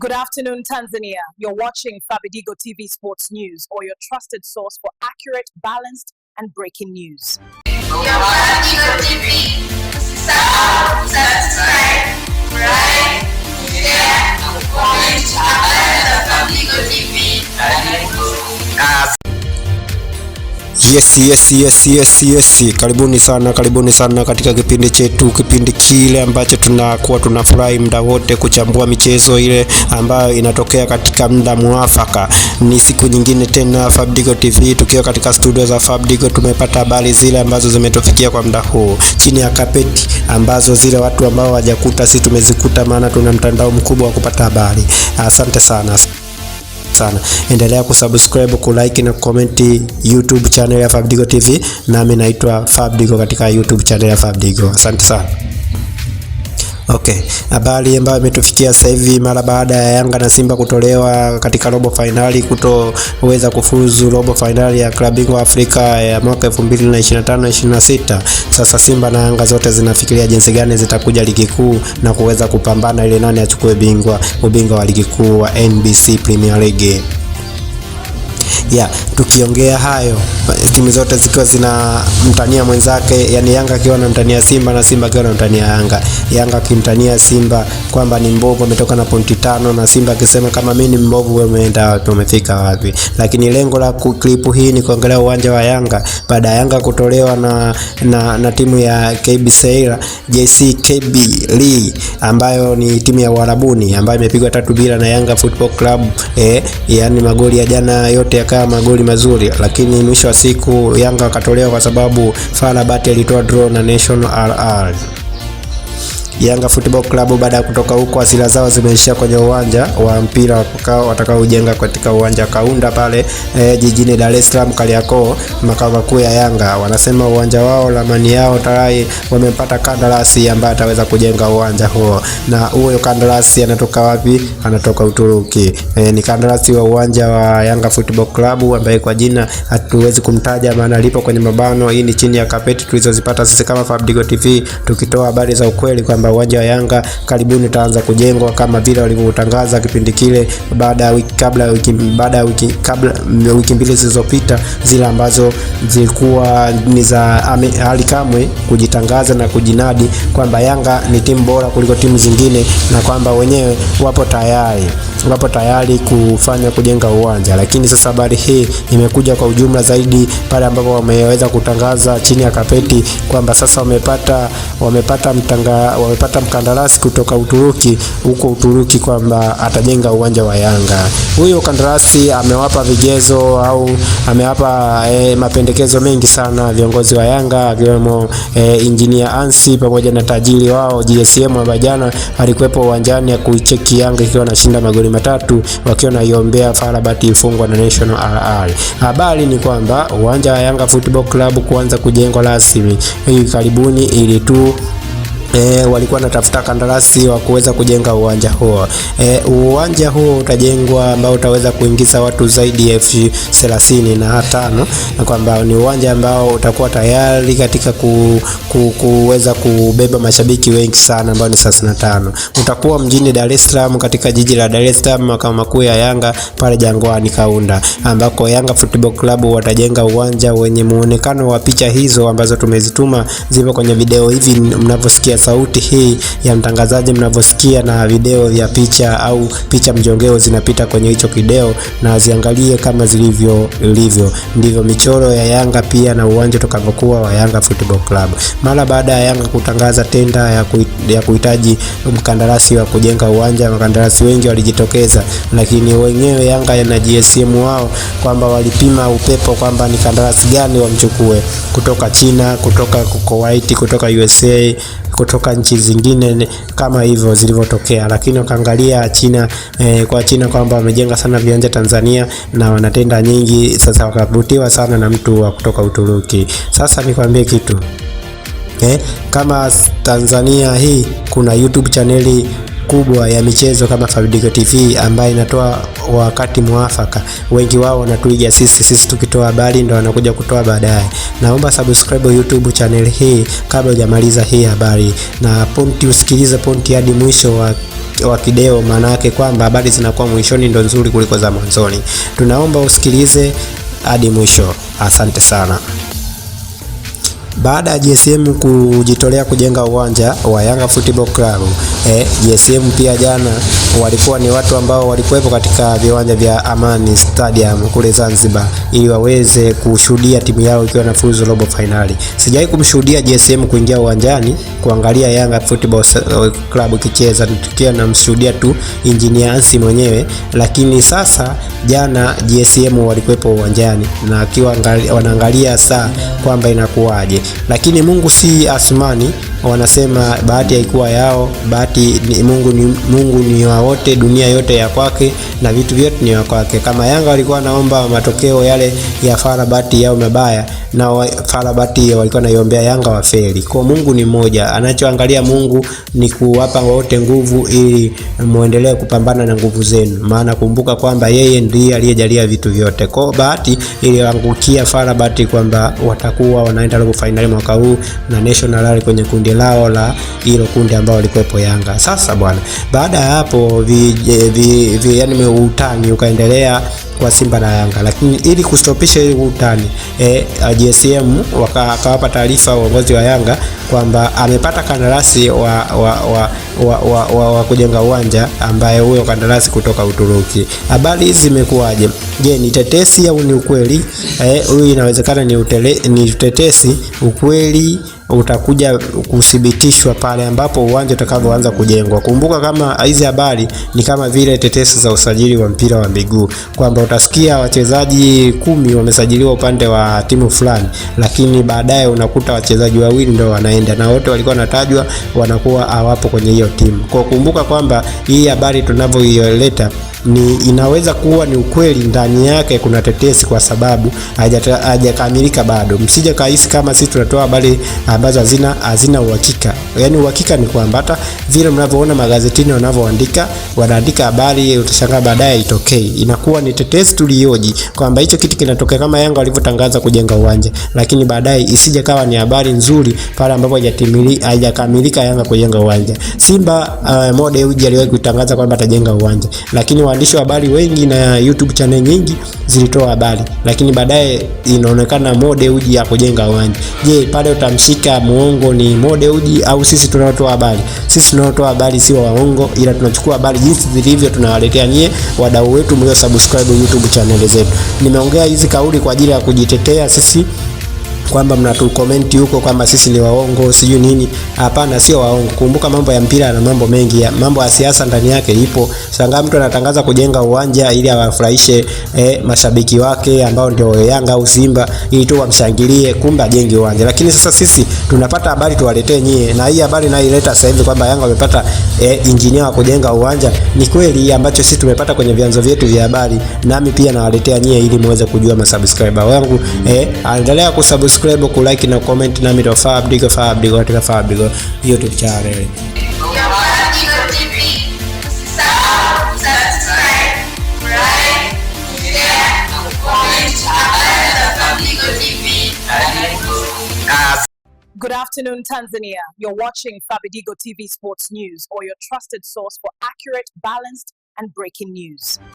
Good afternoon, Tanzania. You're watching Fabidigo TV Sports News or your trusted source for accurate, balanced, and breaking news. Fabidigo TV. Subscribe, subscribe, like, share, comment, Yes, yes, yes, yes, yes. Karibuni sana, karibuni sana katika kipindi chetu, kipindi kile ambacho tunakuwa tunafurahi muda wote kuchambua michezo ile ambayo inatokea katika muda mwafaka. Ni siku nyingine tena Fabidigo TV tukiwa katika studio za Fabidigo, tumepata habari zile ambazo zimetufikia kwa muda huu chini ya kapeti, ambazo zile watu ambao hawajakuta, si tumezikuta, maana tuna mtandao mkubwa wa kupata habari. Asante sana sana. Endelea kusubscribe, kulike na comment YouTube channel ya Fabidigo TV, nami naitwa Fabidigo katika YouTube channel ya Fabidigo. Asante sana. Okay. Habari ambayo imetufikia sasa hivi mara baada ya Yanga na Simba kutolewa katika robo fainali kutoweza kufuzu robo fainali ya klabu bingwa Afrika ya mwaka 2025 26. Sasa Simba na Yanga zote zinafikiria jinsi gani zitakuja ligi kuu na kuweza kupambana ili nani achukue bingwa ubingwa wa ligi kuu wa NBC Premier League yeah. Tukiongea hayo timu zote zikiwa zina mtania mwenzake, yani Yanga akiwa anamtania Simba na Simba akiwa anamtania Yanga, Yanga akimtania Simba kwamba ni mbovu, ametoka na pointi tano, na Simba akisema kama mimi ni mbovu, wewe umeenda wapi? Umefika wapi? Lakini lengo la clip hii ni kuangalia uwanja wa Yanga baada ya Yanga kutolewa na, na, na timu ya KB Seira KB Lee ambayo ni timu ya Uarabuni ambayo imepigwa tatu bila na Yanga Football Club eh, yani magoli ya jana yote yakawa magoli mazuri, lakini mwisho wa siku Yanga wakatolewa kwa sababu FAR alitoa draw na National RR. Yanga Football Club baada ya kutoka huko, hasira zao zimeishia kwenye uwanja wa mpira watakaojenga katika uwanja Kaunda pale e, jijini Dar es Salaam Kariakoo, makao makuu ya Yanga. Wanasema uwanja wao ramani yao tayari wamepata kandarasi ambaye ataweza kujenga uwanja huo, na huyo kandarasi anatoka wapi? Anatoka Uturuki. E, ni kandarasi wa uwanja wa Yanga Football Club ambaye kwa jina hatuwezi kumtaja, maana lipo kwenye mabano. Hii ni chini ya kapeti tulizozipata sisi kama Fabidigo TV, tukitoa habari za ukweli kwamba kwamba uwanja wa Yanga karibuni utaanza kujengwa kama vile walivyotangaza kipindi kile, baada ya wiki kabla ya wiki baada ya wiki kabla wiki mbili zilizopita, zile ambazo zilikuwa ni za hali Kamwe kujitangaza na kujinadi kwamba Yanga ni timu bora kuliko timu zingine na kwamba wenyewe wapo tayari wapo tayari kufanya kujenga uwanja, lakini sasa habari hii imekuja kwa ujumla zaidi pale ambapo wameweza kutangaza chini ya kapeti kwamba sasa wamepata wamepata mtanga, wamepata mkandarasi kutoka Uturuki huko Uturuki kwamba atajenga uwanja wa Yanga. Huyo kandarasi amewapa vigezo au amewapa e, mapendekezo mengi sana viongozi wa Yanga akiwemo e, eh, injinia Ansi pamoja na tajiri wao GSM ambaye jana alikuwepo uwanjani ya kuicheki Yanga ikiwa anashinda magoli matatu wakiwa naiombea Farabati ifungwa na National RR. Habari ni kwamba uwanja wa Yanga Football Club kuanza kujengwa rasmi hivi karibuni ili tu E, walikuwa natafuta kandarasi wa kuweza kujenga uwanja huo. E, uwanja huo utajengwa ambao utaweza kuingiza watu zaidi ya elfu thelathini na tano na kwamba ni uwanja ambao utakuwa tayari katika ku, ku, kuweza kubeba mashabiki wengi sana ambao ni 35. Utakuwa mjini Dar es Salaam katika jiji la Dar es Salaam, makao makuu ya Yanga pale Jangwani Kaunda, ambako Yanga Football Club watajenga uwanja wenye muonekano wa picha hizo ambazo tumezituma zipo kwenye video hivi mnavyosikia sauti hii ya mtangazaji mnavyosikia na video ya picha au picha mjongeo zinapita kwenye hicho kideo, na ziangalie kama zilivyo ilivyo. Ndivyo michoro ya Yanga pia na uwanja utakavyokuwa wa Yanga Football Club. Mara baada ya Yanga kutangaza tenda ya kuhitaji mkandarasi wa kujenga uwanja, mkandarasi wengi walijitokeza, lakini wenyewe Yanga na GSM wao kwamba walipima upepo kwamba ni kandarasi gani wamchukue kutoka China, kutoka Kuwait, kutoka USA, kutoka kutoka nchi zingine kama hivyo zilivyotokea, lakini ukaangalia China eh, kwa China kwamba wamejenga sana viwanja Tanzania na wanatenda nyingi, sasa wakavutiwa sana na mtu wa kutoka Uturuki. Sasa nikwambie kitu eh, kama Tanzania hii kuna YouTube chaneli kubwa ya michezo kama Fabidigo TV ambayo inatoa wakati mwafaka. Wengi wao wanatuiga sisi, sisi tukitoa habari ndio wanakuja kutoa baadaye. Naomba subscribe YouTube channel hii kabla hujamaliza hii habari, na ponti usikilize ponti hadi mwisho wa wa kideo, maana yake kwamba habari zinakuwa mwishoni ndo nzuri kuliko za mwanzoni. Tunaomba usikilize hadi mwisho. Asante sana. Baada ya JSM kujitolea kujenga uwanja wa Yanga Football Club eh, JSM pia jana walikuwa ni watu ambao walikuwepo katika viwanja vya Amani Stadium kule Zanzibar ili waweze kushuhudia timu yao ikiwa inafuzu robo finali. Sijawahi kumshuhudia JSM kuingia uwanjani kuangalia Yanga Football eh, Club ikicheza, tukiwa mshuhudia tu Engineer Ansi mwenyewe, lakini sasa jana JSM walikuwepo uwanjani na akiwa wanaangalia saa kwamba inakuwaje lakini Mungu si asmani. Wanasema bahati haikuwa yao, bahati ni Mungu, ni Mungu ni wa wote, dunia yote ya kwake na vitu vyote ni wa kwake. Kama Yanga walikuwa naomba matokeo yale ya fara, bahati yao mabaya na karabati walikuwa naiombea Yanga wafeli. Kwa Mungu ni mmoja, anachoangalia Mungu ni kuwapa wote nguvu ili muendelee kupambana na nguvu zenu, maana kumbuka kwamba yeye ndiye aliyejalia vitu vyote. Kwa bahati iliangukia Farabati kwamba watakuwa wanaenda robo finali mwaka huu na National Rally kwenye kundi lao la hilo kundi ambao walikuwepo Yanga. Sasa bwana, baada ya hapo vi, vi, vi, yani utani ukaendelea kwa Simba na Yanga, lakini ili kustopisha ile utani eh, GSM wakawapa taarifa uongozi wa Yanga kwamba amepata kandarasi wa, wa, wa, wa, wa, wa, wa kujenga uwanja ambaye huyo kandarasi kutoka Uturuki. Habari hizi zimekuwaje? Je, ni tetesi au ni ukweli? Eh, huyu eh, inawezekana ni, utele, ni tetesi. Ukweli utakuja kuthibitishwa pale ambapo uwanja utakavyoanza kujengwa. Kumbuka kama hizi habari ni kama vile tetesi za usajili wa mpira wa miguu, kwamba utasikia wachezaji kumi wamesajiliwa upande wa timu fulani, lakini baadaye unakuta wachezaji wawili ndio wana wanaenda, na wote walikuwa wanatajwa wanakuwa hawapo kwenye hiyo timu. Kwa kumbuka kwamba hii habari tunavyoileta ni inaweza kuwa ni ukweli ndani yake kuna tetesi, kwa sababu hajakamilika bado. Msije kahisi kama sisi tunatoa habari ambazo hazina hazina uhakika. Yani uhakika ni kwamba hata vile mnavyoona magazetini wanavyoandika, wanaandika habari, utashangaa baadaye itokee, inakuwa ni tetesi tulioji kwamba hicho kitu kinatokea, kama Yanga walivyotangaza kujenga uwanja, lakini baadaye isije kawa ni habari nzuri pale ambapo hajakamilika Yanga kujenga uwanja. Simba uh, Mode Dewji aliwahi kutangaza kwamba atajenga uwanja lakini waandishi wa habari wengi na YouTube channel nyingi zilitoa habari, lakini baadaye inaonekana Mo Dewji kujenga uwanja. Je, pale utamshika muongo ni Mo Dewji au sisi tunaotoa habari? Sisi tunaotoa habari sio waongo, ila tunachukua habari jinsi zilivyo, tunawaletea nyie wadau wetu mlio subscribe YouTube channel zetu. Nimeongea hizi kauli kwa ajili ya kujitetea sisi kwamba mnatukomenti huko kwamba sisi ni waongo sijui nini. Hapana, sio waongo. Kumbuka mambo ya mpira na mambo mengi ya mambo ya siasa ndani yake ipo. Sasa mtu anatangaza kujenga uwanja ili awafurahishe eh, mashabiki wake ambao ndio Yanga au Simba ili tu wamshangilie, kumbe ajenge uwanja. Lakini sasa sisi tunapata habari tuwaletee nyie, na hii habari naileta sasa hivi kwamba Yanga wamepata eh, injinia wa kujenga uwanja ni kweli ambacho sisi tumepata kwenye vyanzo vyetu vya habari, nami pia nawaletea nyie ili muweze kujua masubscriber wangu eh, aendelea kusubscribe kusubscribe, kulike na comment, nami Tofaa Abdigo, Faa katika Faa YouTube channel. Good afternoon, Tanzania. You're watching Fabidigo TV Sports News or your trusted source for accurate, balanced, and breaking news.